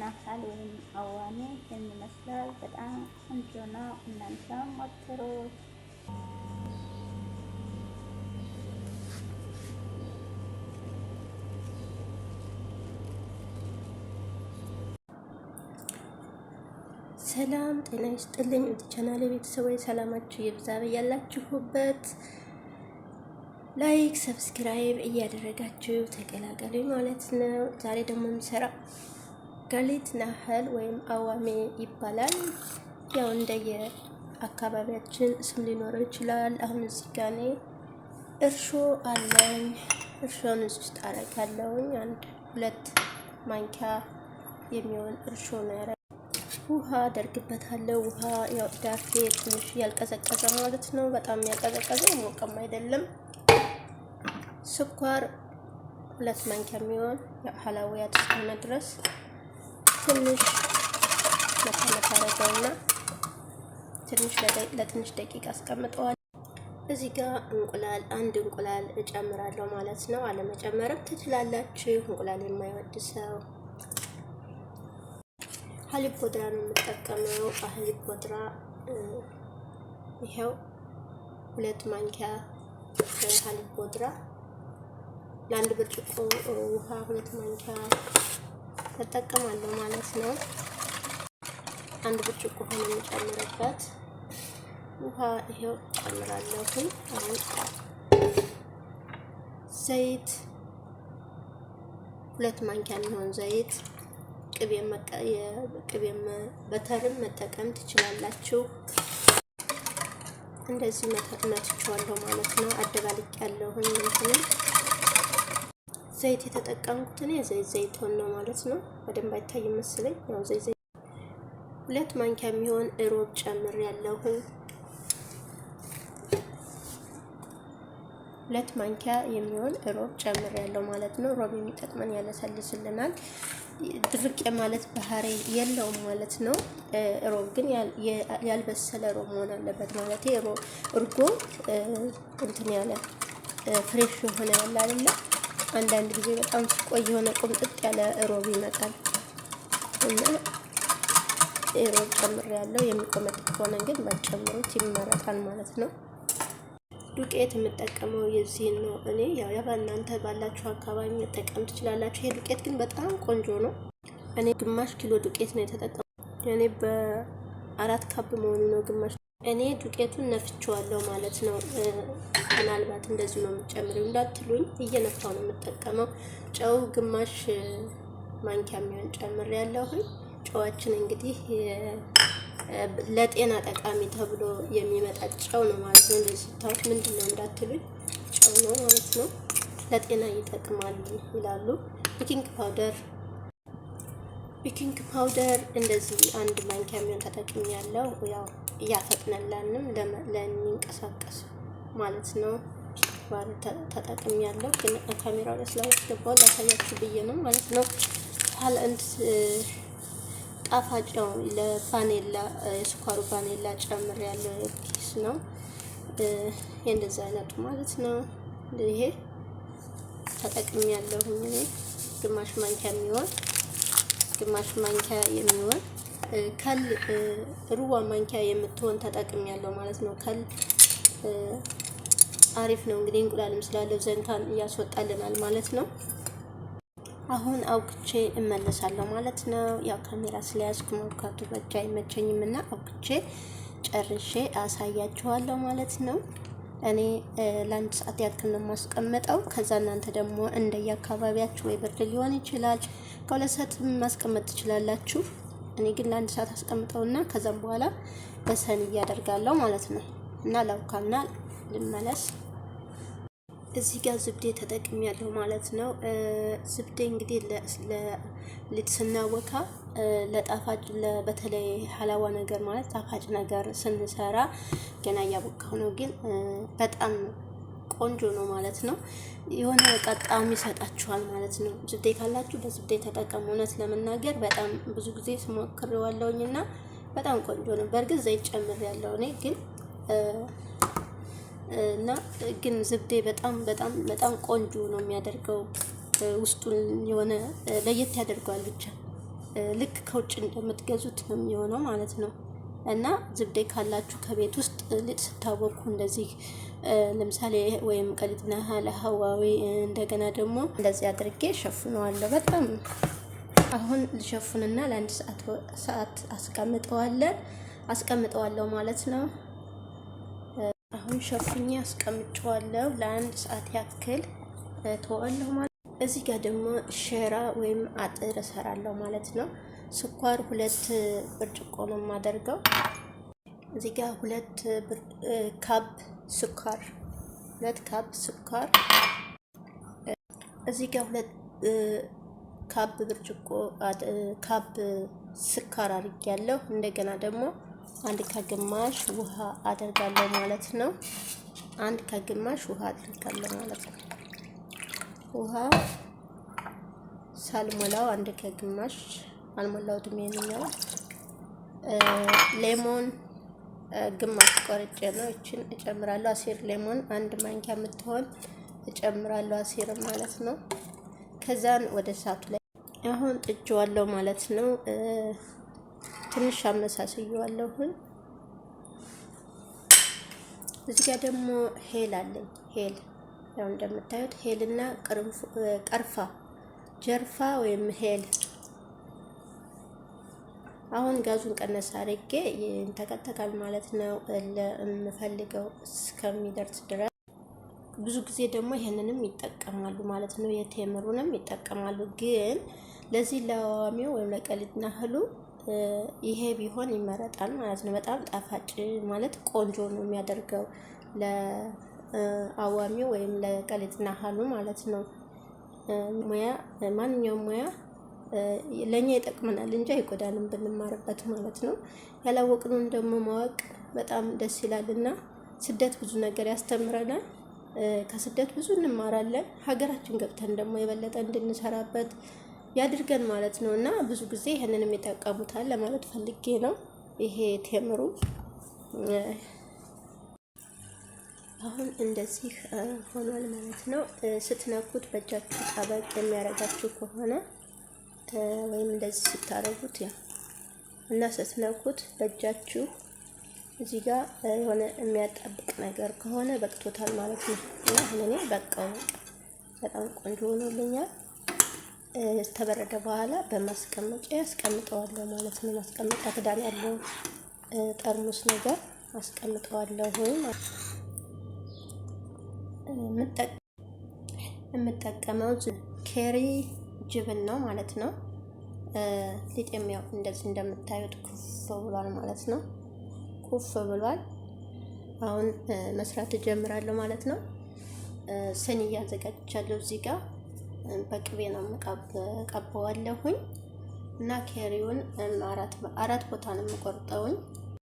ናሳል ወይም አዋኔ የሚመስላል በጣም ቆንጆ ነው። እናንተም ሞክሩት። ሰላም ጤና ይስጥልኝ። ወደ ቻናል ቤተሰቦች ሰላማችሁ ይብዛ ያላችሁበት ላይክ ሰብስክራይብ እያደረጋችሁ ተቀላቀሉኝ ማለት ነው። ዛሬ ደግሞ የምሰራው ማርጋሪት ናህል ወይም አዋሜ ይባላል። ያው እንደየ አካባቢያችን ስም ሊኖረው ይችላል። አሁን እዚህ ጋ እኔ እርሾ አለኝ። እርሾን እዚህ ውስጥ አደርጋለሁኝ። አንድ ሁለት ማንኪያ የሚሆን እርሾ ነው ያረ ውሃ አደርግበታለሁ። ውሃ ያው ዳፌ ትንሽ ያልቀዘቀዘ ማለት ነው። በጣም ያልቀዘቀዘ ሞቀም አይደለም። ስኳር ሁለት ማንኪያ የሚሆን ያው ሀላዊ እስከሆነ ድረስ ትንሽ መታመት ትንሽ ለትንሽ ደቂቃ አስቀምጠዋል። እዚህ ጋር እንቁላል አንድ እንቁላል እጨምራለሁ ማለት ነው። አለመጨመርም ትችላላችሁ። እንቁላል የማይወድ ሰው ሀሊብ ቦድራ ነው የምጠቀመው። ሀሊብ ቦድራ ይኸው ሁለት ማንኪያ ሀሊብ ቦድራ ለአንድ ብርጭቆ ውሃ ሁለት ማንኪያ እጠቀማለሁ ማለት ነው። አንድ ብርጭቆ ሆኖ የሚጨምርበት ውሃ ይሄው ጨምራለሁ። አሁን ዘይት ሁለት ማንኪያ የሚሆን ዘይት ቅቤም በተርም መጠቀም ትችላላችሁ። እንደዚህ መትቸዋለሁ ማለት ነው። አደባልቅ ያለሁን እንትንም ዘይት የተጠቀምኩት እኔ ዘይት ዘይቶን ነው ማለት ነው። በደንብ አይታይ መስለኝ ያው ዘይት ዘይት ሁለት ማንኪያ የሚሆን ሮብ ጨምር ያለው ሁለት ማንኪያ የሚሆን ሮብ ጨምር ያለው ማለት ነው። ሮብ የሚጠቅመን ያለሰልስልናል፣ ድርቅ ማለት ባህሪ የለውም ማለት ነው። ሮብ ግን ያልበሰለ ሮብ መሆን አለበት ማለት እርጎ እንትን ያለ ፍሬሽ የሆነ ያለ አይደለም አንዳንድ ጊዜ በጣም ቆይ የሆነ ቁምጥጥ ያለ ሮብ ይመጣል እና ሮብ ጨምር ያለው የሚቆመጥ ከሆነ ግን ባጨምሩት ይመረጣል ማለት ነው። ዱቄት የምጠቀመው የዚህን ነው እኔ ያው ባላችሁ አካባቢ መጠቀም ትችላላችሁ። ይሄ ዱቄት ግን በጣም ቆንጆ ነው። እኔ ግማሽ ኪሎ ዱቄት ነው የተጠቀመው። እኔ በአራት ካፕ መሆኑ ነው ግማሽ እኔ ዱቄቱን ነፍቼዋለሁ ማለት ነው። ምናልባት እንደዚሁ ነው የምጨምረው እንዳትሉኝ፣ እየነፋው ነው የምጠቀመው። ጨው ግማሽ ማንኪያ የሚሆን ያለሁኝ። ጨዋችን እንግዲህ ለጤና ጠቃሚ ተብሎ የሚመጣ ጨው ነው ማለት ነው። እንደዚህ ስታዩት ምንድን ነው እንዳትሉኝ፣ ጨው ነው ማለት ነው። ለጤና ይጠቅማል ይላሉ። ቤኪንግ ፓውደር ቤኪንግ ፓውደር እንደዚህ አንድ ማንኪያ የሚሆን ተጠቅም ያለው ያው እያፈጥነላንም ለሚንቀሳቀስ ማለት ነው ተጠቅም ያለው ግን ካሜራው ላይ ስላስገባው ላሳያችሁ ብዬ ነው ማለት ነው። ኋላ ጣፋጭ ነው። ለፋኔላ የስኳሩ ፋኔላ ጨምር ያለው ኪስ ነው የእንደዚ አይነቱ ማለት ነው። ይሄ ተጠቅም ያለሁኝ ግማሽ ማንኪያ የሚሆን ግማሽ ማንኪያ የሚሆን ከል ሩዋ ማንኪያ የምትሆን ተጠቅም ያለው ማለት ነው። ከል አሪፍ ነው እንግዲህ እንቁላልም ስላለው ዘንታን እያስወጣልናል ማለት ነው። አሁን አውግቼ እመለሳለሁ ማለት ነው። ያው ካሜራ ስለያዝኩ መብካቱ በእጅ አይመቸኝም እና አውግቼ ጨርሼ አሳያችኋለሁ ማለት ነው። እኔ ለአንድ ሰዓት ያክል ነው የማስቀምጠው። ከዛ እናንተ ደግሞ እንደየአካባቢያችሁ ወይ ብርድ ሊሆን ይችላል፣ ከሁለት ሰዓት ማስቀመጥ ትችላላችሁ። እኔ ግን ለአንድ ሰዓት አስቀምጠውና ከዛም በኋላ በሰን እያደርጋለሁ ማለት ነው እና ለውካና ልመለስ እዚህ ጋር ዝብዴ ያለው ማለት ነው። ዝብዴ እንግዲህ ስናወካ ለጣፋጭ በተለይ ሀላዋ ነገር ማለት ጣፋጭ ነገር ስንሰራ ገና እያቦካው ነው፣ ግን በጣም ቆንጆ ነው ማለት ነው። የሆነ በቃ ይሰጣችኋል ማለት ነው። ዝብዴ ካላችሁ በዝብዴ ተጠቀሙ። እውነት ለመናገር በጣም ብዙ ጊዜ ስሞክሬዋለሁኝ እና በጣም ቆንጆ ነው። በእርግጥ ዘይት ጨምሬያለሁ እኔ ግን እና ግን ዝብዴ በጣም በጣም በጣም ቆንጆ ነው የሚያደርገው። ውስጡን የሆነ ለየት ያደርገዋል። ብቻ ልክ ከውጭ እንደምትገዙት ነው የሚሆነው ማለት ነው። እና ዝብዴ ካላችሁ ከቤት ውስጥ ልጥ ስታወቁ እንደዚህ ለምሳሌ ወይም ቀሊጥና ሀዋዊ እንደገና ደግሞ እንደዚህ አድርጌ ሸፍነዋለሁ። በጣም አሁን ልሸፍንና ለአንድ ሰዓት አስቀምጠዋለን አስቀምጠዋለሁ ማለት ነው። አሁን ሸፍኜ አስቀምጨዋለሁ ለአንድ ሰዓት ያክል ተወዋለሁ ማለት እዚህ ጋር ደግሞ ሸራ ወይም አጥር እሰራለሁ ማለት ነው። ስኳር ሁለት ብርጭቆ ነው የማደርገው። እዚህ ጋር ሁለት ካፕ ስኳር ሁለት ካፕ ስኳር እዚህ ጋር ሁለት ካፕ ብርጭቆ ካፕ ስኳር አድርጌያለሁ። እንደገና ደግሞ አንድ ከግማሽ ውሃ አደርጋለሁ ማለት ነው። አንድ ከግማሽ ውሃ አደርጋለሁ ማለት ነው። ውሃ ሳልሞላው አንድ ከግማሽ አልሞላው ይሄንኛው ሌሞን ግማሽ ቆርጬ ነው። እችን እጨምራለሁ። አሲር ሌሞን አንድ ማንኪያ የምትሆን እጨምራለሁ፣ አሲር ማለት ነው። ከዛን ወደ እሳቱ ላይ አሁን ጥጅዋለሁ ማለት ነው። ትንሽ አመሳስየዋለሁኝ። እዚህ ጋር ደግሞ ሄል አለኝ። ሄል ያው እንደምታዩት ሄልና ቀርፋ ጀርፋ ወይም ሄል። አሁን ጋዙን ቀነስ አድርጌ ይንተከተካል ማለት ነው። ለምፈልገው እስከሚደርስ ድረስ ብዙ ጊዜ ደግሞ ይሄንንም ይጠቀማሉ ማለት ነው። የቴምሩንም ይጠቀማሉ። ግን ለዚህ ለዋሚው ወይም ለቀሊጥ ናህሉ ይሄ ቢሆን ይመረጣል ማለት ነው። በጣም ጣፋጭ ማለት ቆንጆ ነው የሚያደርገው ለአዋሚው ወይም ለቀሌጥና ሀሉ ማለት ነው። ሙያ ማንኛውም ሙያ ለእኛ ይጠቅመናል እንጂ አይጎዳንም ብንማርበት ማለት ነው። ያላወቅነውን ደግሞ ማወቅ በጣም ደስ ይላል እና ስደት ብዙ ነገር ያስተምረናል። ከስደት ብዙ እንማራለን። ሀገራችን ገብተን ደግሞ የበለጠ እንድንሰራበት ያድርገን ማለት ነው። እና ብዙ ጊዜ ይህንን የሚጠቀሙታል ለማለት ፈልጌ ነው። ይሄ ቴምሩ አሁን እንደዚህ ሆኗል ማለት ነው። ስትነኩት በእጃችሁ ጠበቅ የሚያደርጋችሁ ከሆነ ወይም እንደዚህ ስታረጉት ያ እና ስትነኩት በእጃችሁ እዚህ ጋር የሆነ የሚያጣብቅ ነገር ከሆነ በቅቶታል ማለት ነው። እና አሁን እኔ በቃው በጣም ቆንጆ ሆኖልኛል። ተበረደ በኋላ በማስቀመጫ ያስቀምጠዋለሁ ማለት ነው። ማስቀመጫ ክዳን ያለው ጠርሙስ ነገር አስቀምጠዋለሁ የምጠቀመው ኬሪ ጅብን ነው ማለት ነው። ሊጤም ያው እንደዚህ እንደምታዩት ኩፍ ብሏል ማለት ነው። ኩፍ ብሏል። አሁን መስራት እጀምራለሁ ማለት ነው። ስኒ እያዘጋጃለሁ እዚህ ጋር በቅቤ ነው የምቀባዋለሁኝ እና ኬሪውን አራት ቦታ ነው የምቆርጠውኝ።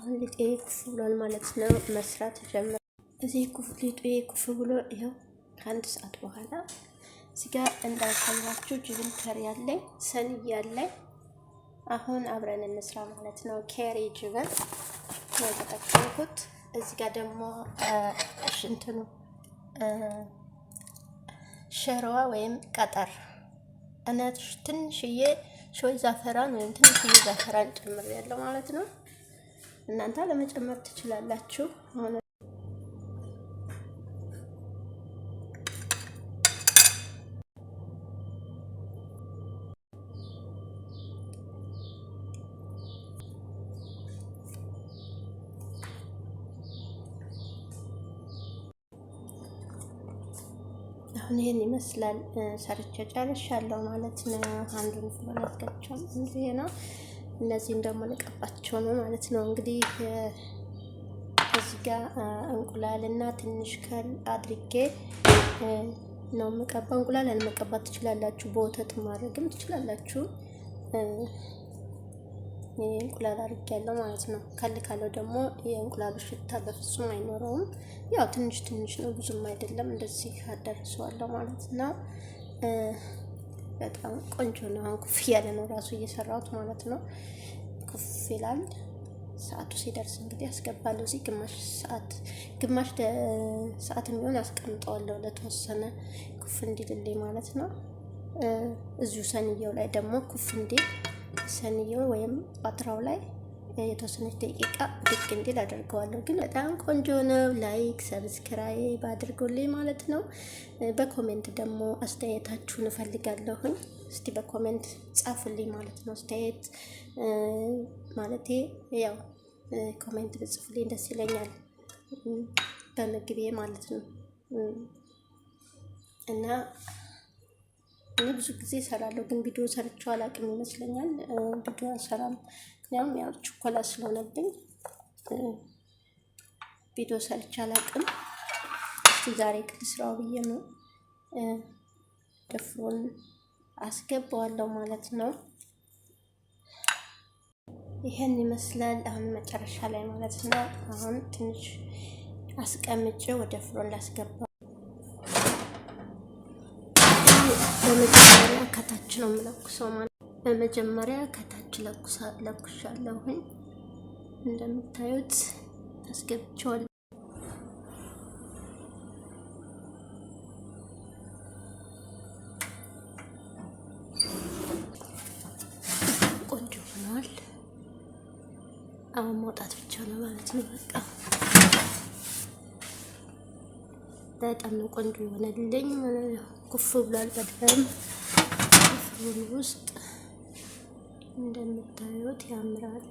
አሁን ሊጤ ክፍ ብሏል ማለት ነው። መስራት ጀምር። እዚህ ኩፍ ሊጤ ኩፍ ብሎ ይኸው ከአንድ ሰዓት በኋላ እዚህ ጋር እንዳልሰማችሁ ጅብን ከሪ ያለኝ ሰን ያለኝ አሁን አብረን እንስራ ማለት ነው። ኬሪ ጅብን ነው የተጠቀምኩት። እዚህ ጋር ደግሞ ሽንትኑ ሸሮዋ ወይም ቀጠር እነት ትንሽዬ ሾይ ዛፈራን ወይም ትንሽዬ ዛፈራን ያለው ማለት ነው። እናንተ ለመጨመር ትችላላችሁ። አሁን ይሄን ይመስላል። ሰርቼ ጨርሻለሁ ማለት ነው። አንዱን ፍሎን አስገብቼው እንዲህ ነው። እነዚህን ደግሞ ልቀባቸው ነው ማለት ነው። እንግዲህ እዚህ ጋር እንቁላልና ትንሽ ከል አድርጌ ነው የምቀባው። እንቁላል አልመቀባት ትችላላችሁ፣ በወተት ማድረግም ትችላላችሁ። እንቁላል ያለው ማለት ነው። ካለው ደግሞ የእንቁላሉ ሽታ በፍጹም አይኖረውም። ያው ትንሽ ትንሽ ነው ብዙም አይደለም። እንደዚህ አዳርሰዋለሁ ማለት ነው። በጣም ቆንጆ ነው። አሁን ኩፍ እያለ ነው ራሱ እየሰራሁት ማለት ነው። ኩፍ ይላል። ሰዓቱ ሲደርስ እንግዲህ አስገባለሁ። እዚህ ግማሽ ሰዓት ግማሽ ሰዓት የሚሆን አስቀምጠዋለሁ ለተወሰነ ኩፍ እንዲልልኝ ማለት ነው። እዚሁ ሰንየው ላይ ደግሞ ኩፍ እንዲል ሰንየው ወይም ቋትራው ላይ የተወሰነች ደቂቃ ድቅ እንዲል አድርገዋለሁ። ግን በጣም ቆንጆ ነው። ላይክ ሰብስክራይብ አድርጉልኝ ማለት ነው። በኮሜንት ደግሞ አስተያየታችሁን እፈልጋለሁኝ። እስቲ በኮሜንት ጻፉልኝ ማለት ነው። አስተያየት ማለቴ ያው ኮሜንት ብጽፉልኝ ደስ ይለኛል። በምግቤ ማለት ነው እና እኔ ብዙ ጊዜ እሰራለሁ፣ ግን ቪዲዮ ሰርቼው አላውቅም ይመስለኛል። ቪዲዮ አልሰራም፣ ምክንያቱም ያው ችኮላ ስለሆነብኝ ቪዲዮ ሰርቼ አላውቅም። እስቲ ዛሬ ግን ስራው ብዬ ነው ደፍሮን አስገባዋለሁ ማለት ነው። ይሄን ይመስላል አሁን መጨረሻ ላይ ማለት ነው። አሁን ትንሽ አስቀምጬ ወደ ፍሮን ላስገባ ከታች ነው የምለኩሰው ማለት ነው። በመጀመሪያ ከታች ለኩሻለሁኝ። እንደምታዩት አስገብቼዋለሁ። ቆንጆ ሆኗል። አሁን መውጣት ብቻ ነው ማለት ነው። በቃ በጣም ቆንጆ የሆነልኝ። ኩፍ ብሏል በደንብ ክፍል ውስጥ እንደምታዩት ያምራል።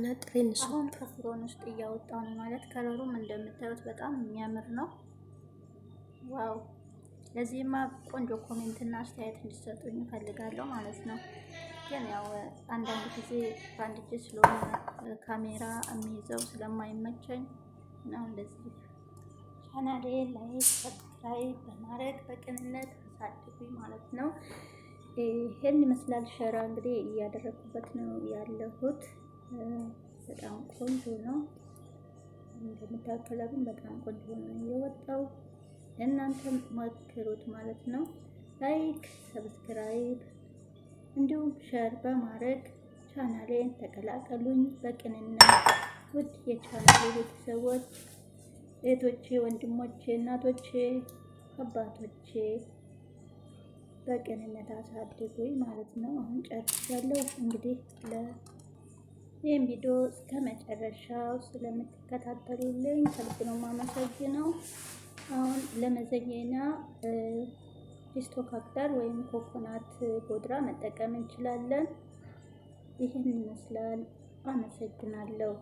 እና ጥሬን አሁን ከፍሮን ውስጥ እያወጣው ነው ማለት ከለሩም እንደምታዩት በጣም የሚያምር ነው። ዋው! ለዚህማ ቆንጆ ኮሜንት እና አስተያየት እንዲሰጡኝ እፈልጋለሁ ማለት ነው። ግን ያው አንዳንድ ጊዜ በአንድ እጄ ስለሆነ ካሜራ የሚይዘው ስለማይመቸኝ ነው እንደዚህ ቻናሌ ላይ ሰብስክራይብ በማድረግ በቅንነት አሳድጉኝ ማለት ነው። ይህን ይመስላል ሸራ እንግዲህ እያደረኩበት ነው ያለሁት። በጣም ቆንጆ ነው። እንደምታከላብን በጣም ቆንጆ ነው የወጣው። እናንተም ሞክሩት ማለት ነው። ላይክ፣ ሰብስክራይብ እንዲሁም ሸር በማድረግ ቻናሌን ተቀላቀሉኝ። በቅንነት ውድ የቻናሌ ቤተሰቦች እህቶቼ፣ ወንድሞቼ፣ እናቶቼ፣ አባቶቼ በቅንነት አሳድጉኝ ማለት ነው። አሁን ጨርሻለሁ እንግዲህ ለ ይህም ቪዲዮ እስከ መጨረሻው ስለምትከታተሉልኝ ከልብ ነው የማመሰግነው። አሁን ለመዘየና ዲስቶካክተር ወይም ኮኮናት ቦድራ መጠቀም እንችላለን። ይህን ይመስላል። አመሰግናለሁ።